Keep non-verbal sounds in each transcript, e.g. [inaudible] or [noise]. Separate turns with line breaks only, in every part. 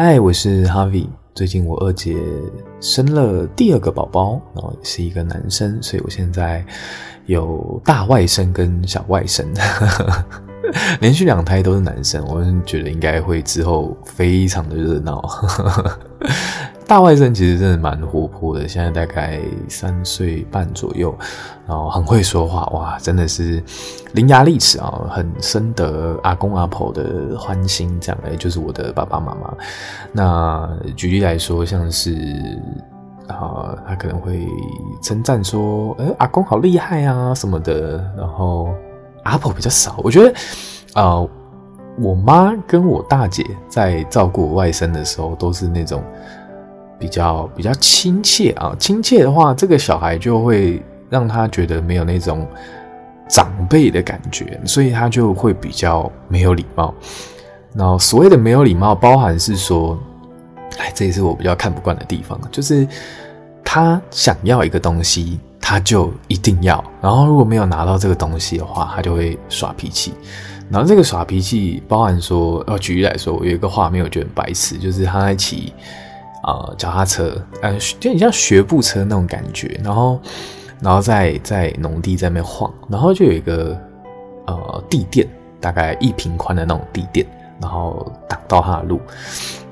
嗨，我是 Harvie，最近我二姐生了第二個寶寶，然後也是一個男生，所以我現在有大外甥跟小外甥， [laughs] 連續兩胎都是男生，我覺得應該會之後非常的熱鬧。 [laughs] 大外甥其實真的蠻活潑的，現在大概三歲半左右，然後很會說話，哇，真的是伶牙俐齒啊，很深得阿公阿婆的歡心。這樣，哎，就是我的爸爸媽媽。那舉例來說，像是啊、呃，他可能會稱讚說：“誒、呃、阿公好厲害啊什麼的。”然後阿婆比較少，我覺得啊、呃，我媽跟我大姐在照顧我外甥的時候，都是那種。比較比較親切啊，親切的話，這個小孩就會讓他覺得沒有那種長輩的感覺，所以他就會比較沒有禮貌。然後所謂的沒有禮貌，包含是說，哎，這也是我比較看不慣的地方，就是他想要一個東西，他就一定要。然後如果沒有拿到這個東西的話，他就會耍脾氣。然後這個耍脾氣包含說，要、啊、舉例來說，我有一個畫面，我覺得很白痴，就是他在騎呃、腳踏車，呃、就你像學步車那種感覺，然後，然後在農地在那邊晃，然後就有一個、呃、地墊，大概一坪寬的那種地墊，然後擋到他的路，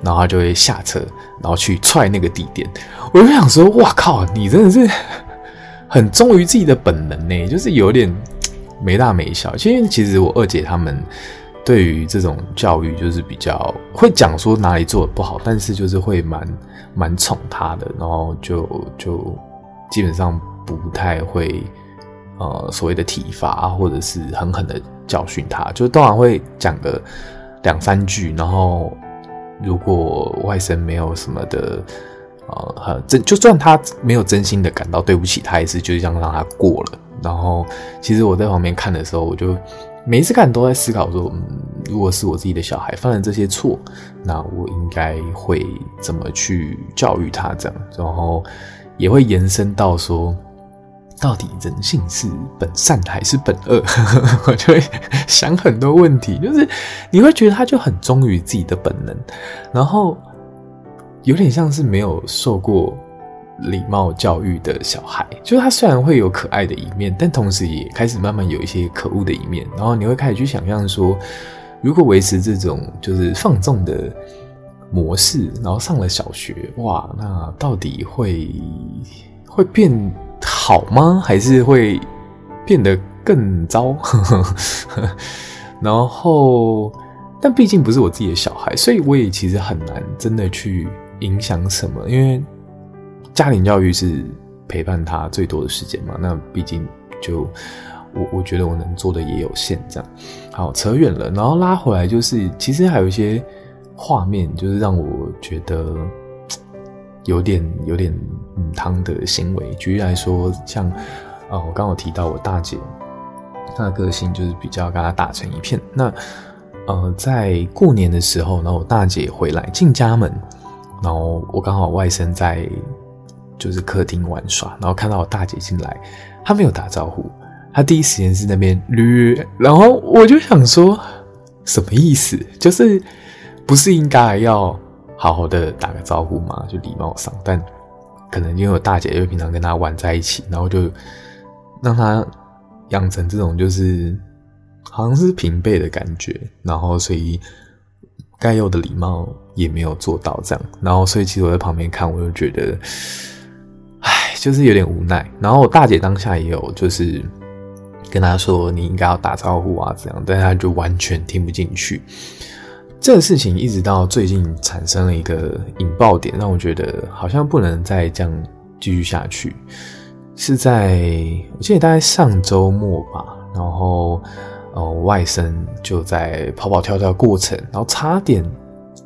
然後他就會下車，然後去踹那個地墊。我就想說，哇靠，你真的是很忠於自己的本能呢、欸，就是有點沒大沒小。其實，其實我二姐他們。對於這種教育，就是比較會講說哪裡做的不好，但是就是會蠻蠻寵他的，然後就就基本上不太會呃所謂的體罰或者是狠狠的教訓他，就當然會講個兩三句，然後如果外甥沒有什麼的，呃，真就算他沒有真心的感到對不起他，他也是就這樣讓他過了。然後其實我在旁邊看的時候，我就。每一次看都在思考說，嗯，如果是我自己的小孩犯了這些錯，那我應該會怎麼去教育他？這樣，然後也會延伸到說，到底人性是本善還是本惡？呵呵呵，我就會想很多問題，就是你會覺得他就很忠於自己的本能，然後有點像是沒有受過。禮貌教育的小孩，就是他雖然會有可愛的一面，但同時也開始慢慢有一些可惡的一面。然後你會開始去想象說，如果維持這種就是放縱的模式，然後上了小學，哇，那到底會會變好嗎？還是會變得更糟？ [laughs] 然後，但畢竟不是我自己的小孩，所以我也其實很難真的去影響什麼，因為。家庭教育是陪伴他最多的時間嘛？那畢竟就我，我覺得我能做的也有限，這樣。好扯遠了。然後拉回來就是，其實還有一些畫面，就是讓我覺得有點有點嗯……母湯的行為。舉例來說，像啊、呃，我剛好提到我大姐，她的個性就是比較跟她打成一片。那呃，在過年的時候，然後我大姐回來進家門，然後我剛好外甥在，就是客廳玩耍，然後看到我大姐進來，她沒有打招呼，她第一時間是那邊捋，然後我就想說，什麼意思？就是不是應該要好好的打個招呼嗎？就禮貌上，但可能因為我大姐因為平常跟她玩在一起，然後就讓她養成這種就是好像是平輩的感覺，然後所以該有的禮貌也沒有做到這樣，然後所以其實我在旁邊看，我就覺得。就是有點無奈，然後我大姐當下也有就是跟她說，你應該要打招呼啊，這樣，但她就完全聽不進去。這個事情一直到最近產生了一個引爆點，讓我覺得好像不能再這樣繼續下去。是在我記得大概上週末吧，然後我外甥就在跑跑跳跳過程，然後差點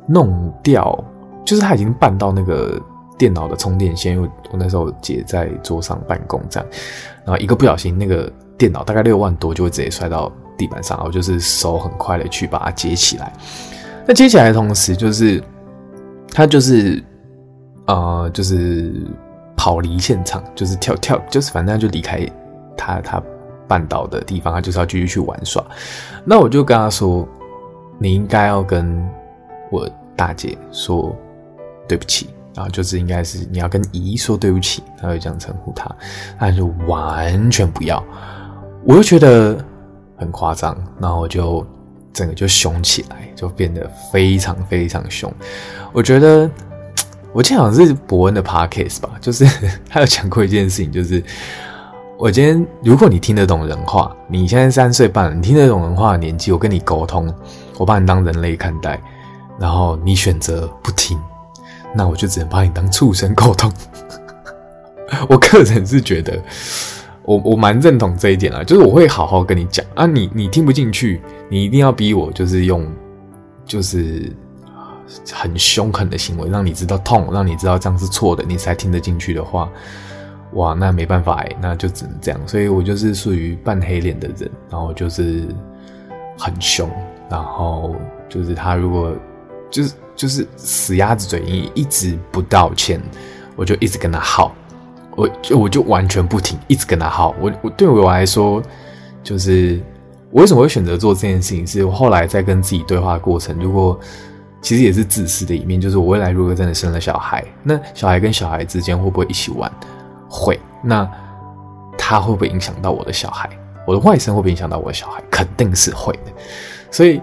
弄掉，就是他已經絆到那個。電腦的充電線，因為我那時候姐在桌上辦公這樣，然後一個不小心，那個電腦大概六萬多就會直接摔到地板上，然後就是手很快的去把它接起來。那接起來的同時，就是他就是呃，就是跑離現場，就是跳跳，就是反正她就離開他他絆倒的地方，他就是要繼續去玩耍。那我就跟他說：“你應該要跟我大姐說對不起。”然後就是應該是你要跟姨說對不起，他會這樣稱呼他，但是完全不要，我就覺得很誇張。然後我就整個就凶起來，就變得非常非常凶。我覺得我記得好像是伯恩的 podcast 吧，就是他有講過一件事情，就是我今天如果你聽得懂人話，你現在三歲半，你聽得懂人話的年紀，我跟你溝通，我把你當人類看待，然後你選擇不聽。那我就只能把你當畜生溝通。 [laughs] 我個人是覺得我，我我蠻認同這一點啊，就是我會好好跟你講啊你，你你聽不進去，你一定要逼我，就是用就是很凶狠的行為，讓你知道痛，讓你知道這樣是錯的，你才聽得進去的話，哇，那沒辦法哎、欸，那就只能這樣。所以我就是屬於半黑臉的人，然後就是很凶，然後就是他如果就是。就是死鴨子嘴硬，一直不道歉，我就一直跟他耗，我就我就完全不停，一直跟他耗。我我對我來說，就是我為什麼會選擇做這件事情，是我後來在跟自己對話過程。如果其實也是自私的一面，就是我未來如果真的生了小孩，那小孩跟小孩之間會不會一起玩？會。那他會不會影響到我的小孩？我的外甥會不會影響到我的小孩？肯定是會的。所以。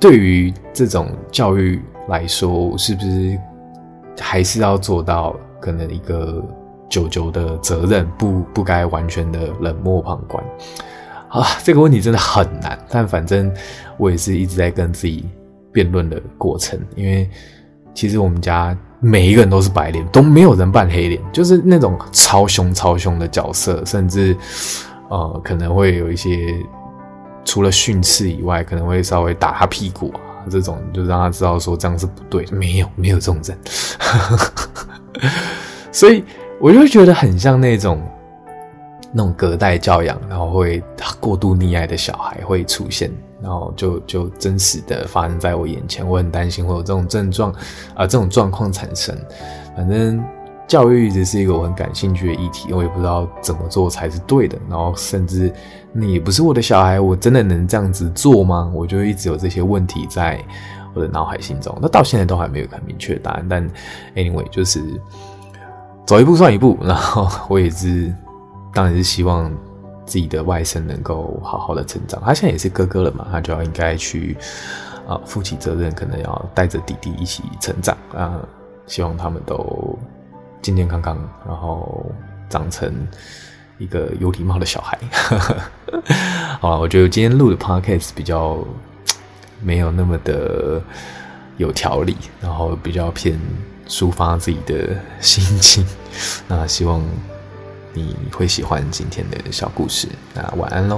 對於這種教育來說，是不是還是要做到可能一個舅舅的責任？不，不該完全的冷漠旁觀啊！這個問題真的很難，但反正我也是一直在跟自己辯論的過程。因為其實我們家每一個人都是白臉，都沒有人扮黑臉，就是那種超凶、超凶的角色，甚至呃，可能會有一些。除了訓斥以外，可能會稍微打他屁股啊，這種就讓他知道說這樣是不對的。沒有，沒有這種人， [laughs] 所以我就覺得很像那種那種隔代教養，然後會過度溺愛的小孩會出現，然後就就真實的發生在我眼前。我很擔心會有這種症狀啊、呃，這種狀況產生，反正。教育一直是一個我很感興趣的議題，我也不知道怎麼做才是對的。然後，甚至你不是我的小孩，我真的能這樣子做嗎？我就一直有這些問題在我的腦海心中。那到現在都還沒有很明確的答案。但 anyway，就是走一步算一步。然後，我也是，當然是希望自己的外甥能夠好好的成長。他現在也是哥哥了嘛，他就要應該去啊，負起責任，可能要帶着弟弟一起成長啊。希望他們都，健健康康，然後長成一個有禮貌的小孩。 [laughs] 好了，我覺得今天錄的 podcast 比較沒有那麼的有條理，然後比較偏抒發自己的心情。那希望你會喜歡今天的小故事。那晚安嘍。